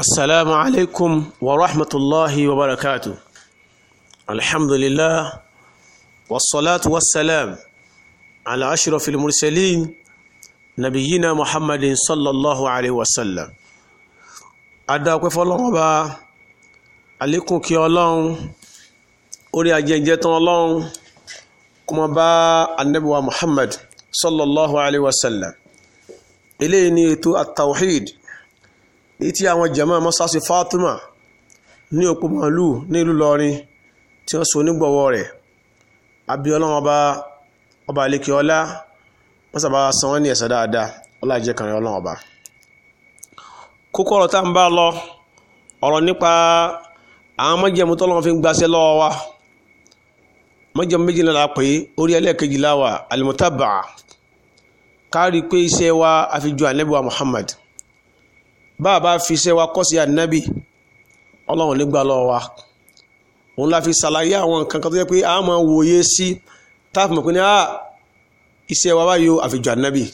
السلام عليكم ورحمة الله وبركاته الحمد لله والصلاة والسلام على أشرف المرسلين نبينا محمد صلى الله عليه وسلم adáwọ̀pẹ́ fọlọ́run ọba àlékún kí ọlọ́run orí ajẹ́jẹ́ tán ọlọ́run kó máa bá anabiwa muhammad sallallahu alayhi wa sallam ni ètò at èyí tí àwọn jàmáà mọ́sáàsì Fatima ní òpó màálù nílùú lọrin tí wọ́n so onígbọ̀wọ́ rẹ̀ abiyọ́lọ́wọ́n ọba ọba àlekè ọlá wọ́n sábà san wọ́n ní ẹ̀sẹ̀ dáadáa ọlá ìjẹ́ kan rẹ̀ ọlọ́wọ́n ọba. kókó ọ̀rọ̀ tá à ń bá lọ ọ̀rọ̀ nípa àwọn mọ́jẹ̀mú tọ́lọ́wọ́n fi ń gbaṣẹ́ lọ́wọ́ wa mọ́jẹ̀mú méjìlá la pè é orí ẹlẹ́ẹ̀kejì láwà alimutaba kárí pé iṣẹ́ wa àfijọ́ ànẹ́bíwá Muhammad bá a bá fi iṣẹ́ wa kọ́ sí ànábì ọlọ́run nígbà lọ́wọ́ wa òun la fi ṣàlàyé àwọn nǹkan kan tó yẹ pé a máa wòye sí táàpù mọ̀ pé ní ah, iṣẹ́ wa wáyé àfijọ ànábì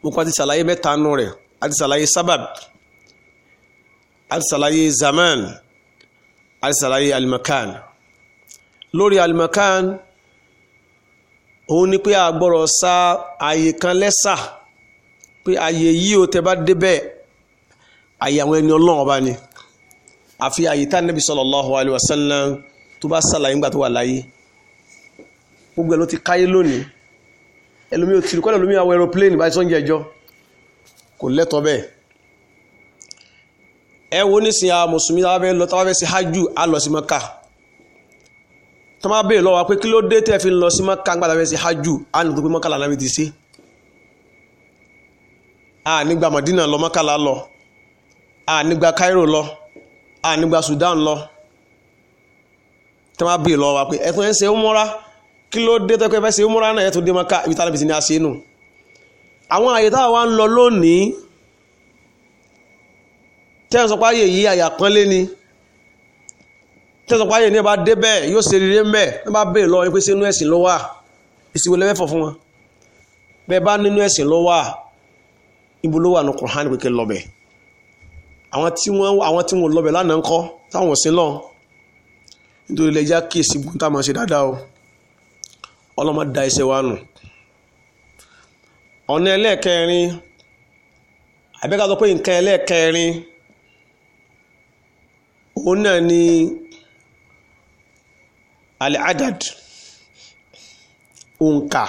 mo kọ́ àti ṣàlàyé mẹ́ta nù rẹ̀ àti ṣàlàyé sábàb àti ṣàlàyé zaman àti ṣàlàyé alimakan lórí alimakan òun ni pé a gbọ́dọ̀ sa àyè kan lẹ́sà pé àyè yìí ó tẹ́ bá débẹ̀ àyè àwọn ẹni ọlọ́run ọba ni àfi àyè tá nẹ́bí sallallahu alaihi wasallam tó bá sàlàyé ńgbà tó wà láyé gbogbo ẹ̀ ló ti káyé lónìí ẹlòmí ò tìrì kọ́lẹ̀ lómi àwọn aeroplane báyìí sọ́njẹ́ ẹjọ́ kò lẹ́tọ̀ bẹ́ẹ̀ ẹ wo nísìnyí àwọn mùsùlùmí táwọn fẹ́ lọ táwọn fẹ́ sí hajj á lọ sí mọ́kà tó máa béèrè lọ́wọ́ pé kí ló dé tẹ́ fi lọ sí mọ́kà ńgbà táwọn fẹ́ sí hajj á tó pé mọ́kà lànà mi ti ṣe à nígbà Mádínà lọ mọ́kà lá lọ ànígbà Cairo lọ ànígbà Sudan lọ tí wọ́n bí lọ wá pé ẹ̀tún ẹ̀ ń ṣe umura kí ló dé tẹ́kọ̀ ẹ̀fẹ́ ṣe umura náà ẹ̀tún dé máa ká ibi tálẹ́bìtì ní àṣẹ nù àwọn àyè táwa wá ń lọ lónìí tẹ́sán sọ páyé yìí àyà kan lé ni tẹ́sán sọ páyé ní ẹ̀bá dé bẹ́ẹ̀ yóò ṣe rere mẹ́ ẹ̀ bá bèè lọ pé sínú ẹ̀sìn ló wà èsì wo lẹ́fẹ̀ẹ́ fọ̀ fún wọn bẹ́ẹ̀ bá nínú ẹ̀sìn ló wà ibo wà ní Kùránì pé kí àwọn tí wọ́n àwọn tí wọ́n lọ́bẹ̀ lánàá ń kọ́ táwọn ò sí lọ́n nítorí ilẹ̀ ìjà kí èsì gbọ́n tá a máa ṣe dáadáa o ọlọ́mọ da iṣẹ́ wa nù ọ̀nà ẹlẹ́ẹ̀kẹrin àbẹ́ká sọ pé nǹkan ẹlẹ́ẹ̀kẹrin òun náà ni al-adad òǹkà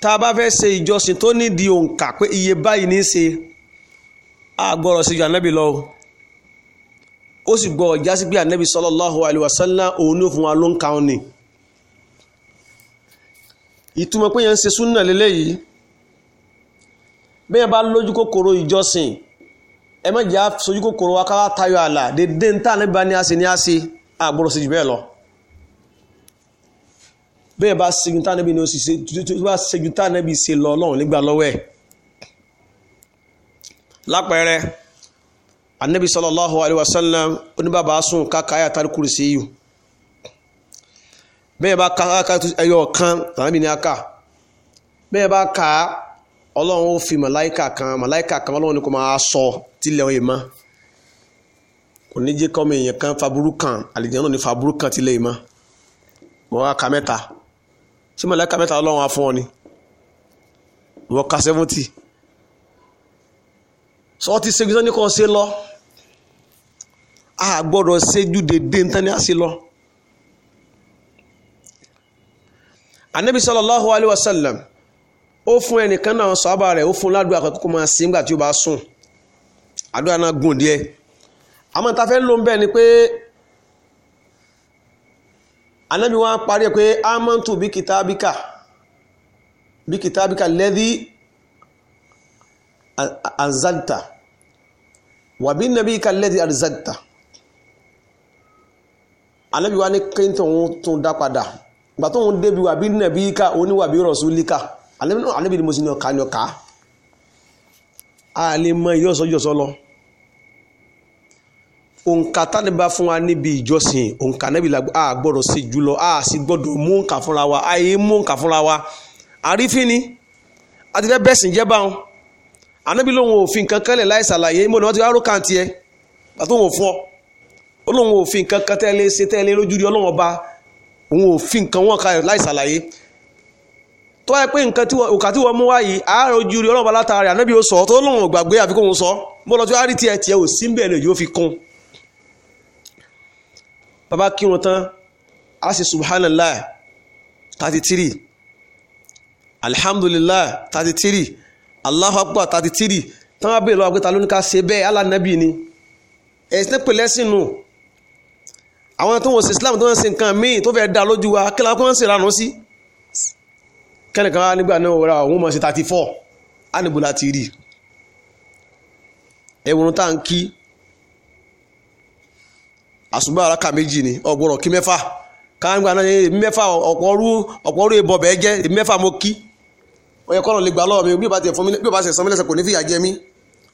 tá a bá fẹ́ ṣe ìjọsìn tó nídìí òǹkà pé iye báyìí ní í ṣe àgbọ̀rọ̀ sí ju ànábì lọ ó sì gbọ́ ọ̀já sí pé ànábì sallallahu alaihi wasallam òun ní òfin wa ló ń ka ọ́ ni ìtumọ̀ pé yẹn ń ṣe súnà lélẹ́yìí bẹ́ẹ̀ bá lójú kòkòrò ìjọsìn ẹ má jẹ́ àsojú kòkòrò wa ká tayọ ààlà dédé ń tà níbi bá ní àgbọ̀rọ̀ sí jù bẹ́ẹ̀ lọ. bẹ́ẹ̀ bá segun tá níbi ni o sì ṣe tó bá níbi ṣe lọ ọlọ́run nígbà lọ́wọ́ ẹ̀ lápẹẹrẹ anabi sallallahu alayhi wa sallam oníbàbà sùn káka ayé kùrìsì yìí bẹ́ẹ̀ bá ẹyọ kan tàbí ní aka bẹ́ẹ̀ bá ka ọlọ́run ó fi màláìkà kan màláìkà kan ọlọ́run ni kò máa sọ tilẹ̀ ọ̀yẹ̀ mọ́ kò ní jẹ́ èèyàn kan faburú kan àlejò náà ní kan tilẹ̀ ọ̀yẹ̀ mọ́ wọ́n á ka ṣé mọ̀lẹ́ka mẹ́ta ọlọ́run á fún ọ ni wọ́n ka seventy sọ́ọ́tì ṣe gbèsè ní kò ṣe lọ a gbọ́dọ̀ ṣẹ́jú dédé ń tẹ́ni àṣì lọ. anabi sallallahu alayhi wa sallam ó fún ẹnìkan náà sọ́ọ́bà rẹ̀ ó fún ládùúgbò àkọ́kọ́ kó máa sìn nígbà tí ó bá sùn àdúrà náà gùn díẹ̀ àmọ́ ta fẹ́ ló ń bẹ́ẹ̀ ni pé anábí wọ́n parí ẹ̀ pé amantu bí kìtàbíkà bí kìtàbíkà lẹ́dí azalta wà bí nàbí kà lẹ́dí anzalta anábí wọ́n ní kéńtọ̀ òun tún dá padà gbà tó ń débi wà bí nàbí kà oníwà bí rasulika anábí ni mo sì ní ọ̀ka ní ọ̀ka a lè mọ ìyọ́sọ́jọ́sọ́ lọ òǹkà tani bá fún wa níbi ìjọsìn òǹkà níbi làgbọ́ a gbọ́dọ̀ ṣe jùlọ a sì gbọ́dọ̀ mú òǹkà fúnra wa a yé mú òǹkà fúnra wa àrífín ni àtìlẹ́ bẹ́sìn jẹ́ báwọn ànábì lòun òfin kankan lẹ̀ láì ṣàlàyé mo ní wọ́n ti wá rókà tiẹ̀ pàtó òun fún ọ ó lòun òfin kankan tẹ́lẹ̀ ṣe tẹ́lẹ̀ lójú rí ọlọ́wọ́n ba òun òfin kan wọ́n ka láì ṣàlàyé tó wáyé pé nǹkan tí òkà tí wọ́n mú wáyé àárọ̀ ojú rí ọlọ́wọ́n ba látara ànábì ó sọ tó lòun ò gbàgbé àfikún sọ mo lọ tí wọ́n á rí tiẹ̀ tiẹ̀ ò sí ń bẹ̀rẹ̀ yóò fi kún un bàbá kírun tán a sì subhanallah thirty three alhamdulillah thirty three allahu akbar thirty three tán wá bèèrè lọ́wọ́ pé ta ló ní ká ṣe bẹ́ẹ̀ alánàbì ni ẹ̀sìn tó pèlẹ́ sínú àwọn tó wọ́n ṣe islam tó wọ́n ṣe nǹkan míì tó fẹ́ẹ́ dá lójú wa kí làwọn kó wọ́n ṣe ìranù sí kẹ́nìkan wá nígbà náà wọ́n ra òun mọ̀ ṣe thirty four á rí ẹ̀wòrán tá à ń kí àsùnbà àràkà méjì ni ọ̀gbọ̀rọ̀ kí mẹ́fà káńgbà náà èmi mẹ́fà ọ̀pọ̀rú ọ̀pọ̀rú ìbọ̀bẹ̀ jẹ́ èmi mẹ́fà mo kí ọyẹ kọ́nà lè gbà lọ́wọ́ mi bí o ti fún mi bí o bá ti sàn mí lẹ́sẹ̀ kò ní fìyà jẹ mí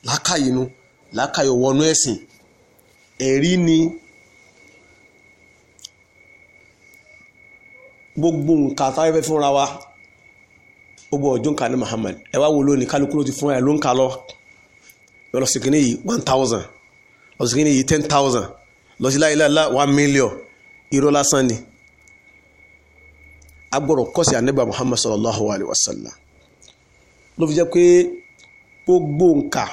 làákàyè nu làákàyè wọnú ẹ̀sìn ẹ̀rí ni gbogbo nǹkan táwọn fẹ́ fúnra wa gbogbo ọjọ́ nǹkan ní Muhammad ẹ wa wo n'i kálukú ló ti fúnra ẹ ló ń kà lọ lọ sí one thousand lọ yi ten thousand lọ sí láìláìlá one million irọ́ ni a Muhammad sallallahu alayhi wa sallam ló fi gbogbo nka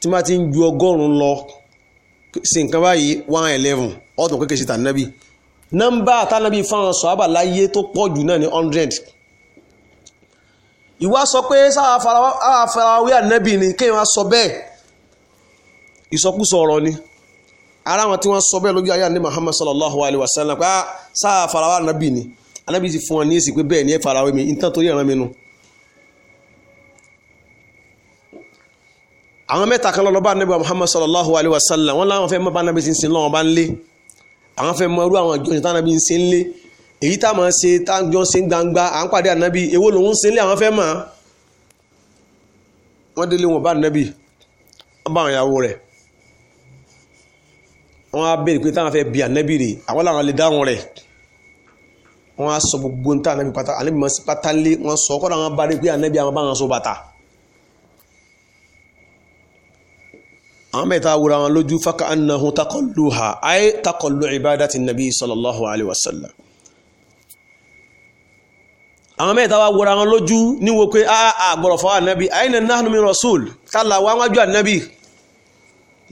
tí ma ti ń ju ọgọrùn lọ sí nǹkan báyìí one eleven ọ̀tún kékeré sí tànàbí nọ́mbà tànàbí fáwọn láyé tó pọ̀ jù náà ní hundred sọ pé sáà ni kéèyàn sọ bẹ́ẹ̀ ìsọkúsọ ni. ara wọn tí wọ́n sọ bẹ́ẹ̀ lójú ayé ànábì Muhammad sallallahu alayhi wa sallam pé ah, sáà farawa ànábì ni ànábì ti fún wọn ní èsì pé bẹ́ẹ̀ ni ẹ farawa mi nǹkan torí ẹ̀ràn mi nu. àwọn mẹ́ta kan lọ́lọ́ bá ànábì Muhammad sallallahu alayhi wa sallam wọ́n láwọn fẹ́ mọ́ bá ànábì ti ń sin lọ́wọ́ bá ń lé àwọn fẹ́ mọ irú àwọn ìjọsìn táwọn ànábì ń sin lé èyí tá a máa ṣe tájọ́ sí gbangba à ń pàdé ànábì èwo lòun sí ilé àwọn fẹ́ mọ̀ wọ́n délé wọn bá ànábì wọ́n bá àwọn ìyàwó rẹ̀ wọ́n á béèrè pé táwọn fẹ́ bi ànábì rè àwọn làwọn lè dáhùn rẹ̀ wọ́n á sọ gbogbo níta ànábì pátá ànábì mọ̀ sí pátá lé wọ́n sọ kọ́dà wọn bá rí pé ànábì àwọn bá wọn so bàtà. àwọn mẹ́ta wura wọn lójú fáka annahum taqalluha ay taqallu ibadati nabi sallallahu alayhi wa sallam. àwọn mẹ́ta wá wura wọn lójú níwò pé a àgbọ̀rọ̀ fọwọ́ ànábì ayna nahnu min rasul tálà wá wájú ànábì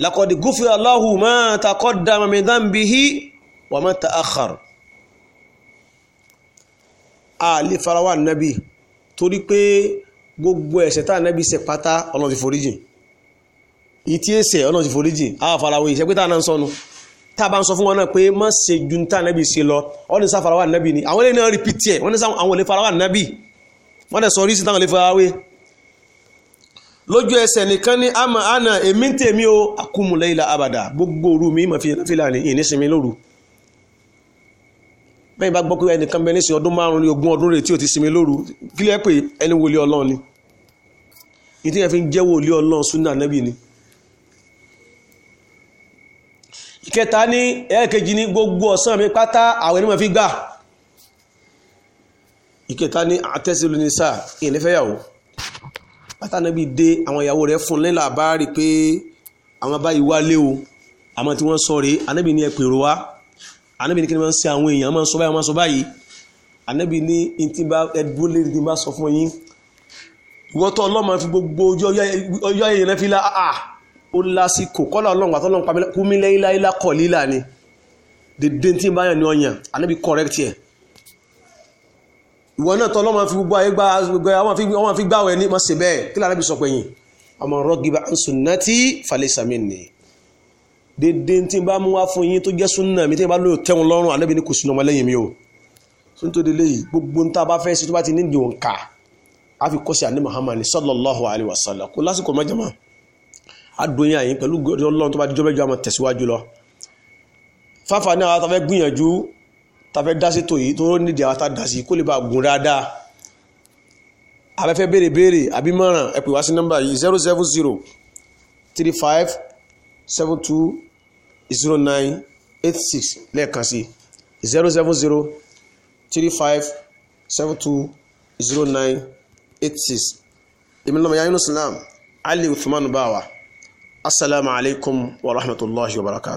lakọ̀dì gúfìrà lọ́hù máa takọ́dà mamidan bí i wà máa ta akhar a lè farawa nábi torí pé gbogbo ẹ̀ṣẹ̀ tá nábi ṣẹ̀ pátá ọlọ́run ti foríjìn ìtí ẹ̀ṣẹ̀ ọlọ́run ti foríjìn a farawa ìṣẹ́ pé tá náà ń sọnu tá a bá ń sọ fún wọn náà pé má ṣe ju tá nábi ṣe lọ wọ́n ní sá ni àwọn ilé náà rìpítì ẹ̀ wọ́n ní sá àwọn ilé farawa nábi wọ́n dẹ̀ sọ orí sí táwọn ilé farawa lójú ẹsẹ̀ nìkan ní àmà àna èmi ń tèmi o àkúmùlẹ̀ ilà abàdà gbogbo òru mi ìmọ̀ fi fìlà ní ìnísinmi lóru bẹ́ẹ̀ bá gbọ́ pé ẹnìkan bẹ nísìn ọdún márùn-ún ní ogún ọdún rẹ̀ tí ò ti sinmi lóru kí lẹ́ pé ẹni wòlíì ọlọ́run ni ìdí yẹn fi ń jẹ́ wòlíì ọlọ́run súnà nẹ́bì ni. ìkẹta ní ẹ̀ẹ́kejì ní gbogbo ọ̀sán mi pátá àwẹ̀ ni mo fi pátánábì dé àwọn ìyàwó rẹ̀ fún lẹ́la bá rí pé àwọn báyìí wálé o àmọ́ tí wọ́n sọ rèé anábì ní ẹ̀pẹ̀rọ wa anábì ní kí ni wọ́n ń ṣe àwọn èèyàn máa ń sọ báyìí máa ń sọ báyìí anábì ní ntí bá ẹdúró lérí ti bá sọ fún yín ìwọ́tọ̀ ọlọ́mọ fi gbogbo ọjọ́ ayé yẹn fi la a ó lásìkò kọ́lá ọlọ́run àtọ́lọ́run pàmílẹ́ kúmílẹ́ ilá ilá kọ̀ lílà ni dèdè ntí báyọ̀ ni ọ̀yàn anábì correct yẹn ìwọ náà tọ́ lọ́mọ fi gbogbo ayé gbá gbogbo ọmọ fi gbáwẹ̀ ní ma ṣe bẹ́ẹ̀ kí lára bí sọ pẹ̀yìn ọmọ rọ́gìbá ń sùnà tí falẹ́sàmì nì dédé tí n bá mú wá fún yín tó jẹ́ súnà mi tí n bá lóyò tẹ́wọn lọ́rùn alẹ́bí ní kò sínú ọmọ lẹ́yìn mi o sún tó délé yìí gbogbo ń ta bá fẹ́ sí tó bá ti nídìí òun kà á fi kọ́ sí àní Muhammad sallallahu alayhi wa sallam kó lásìkò mọ́jàmá adóyìn àyín pẹ̀lú ọlọ́run tó bá dijọ́ mẹ́jọ àmọ́ tẹ̀síwájú lọ fáfà ní àwọn àtàfẹ́ gbìyànjú tàfẹ́ dásí tó yìí tó ń nídìí àwọn àtàdásí kó lè bá gùn dáadáa abẹ́fẹ́ béèrè béèrè àbí mọ̀ràn ẹ pè wá sí nọ́mbà yìí zero seven zero three five seven two zero nine eight six lẹ́ẹ̀kan sí zero seven zero three five seven two zero nine eight six èmi náà yayinu salam ali uthman bawa asalaamualeykum wa rahmatulahi wa barakatu.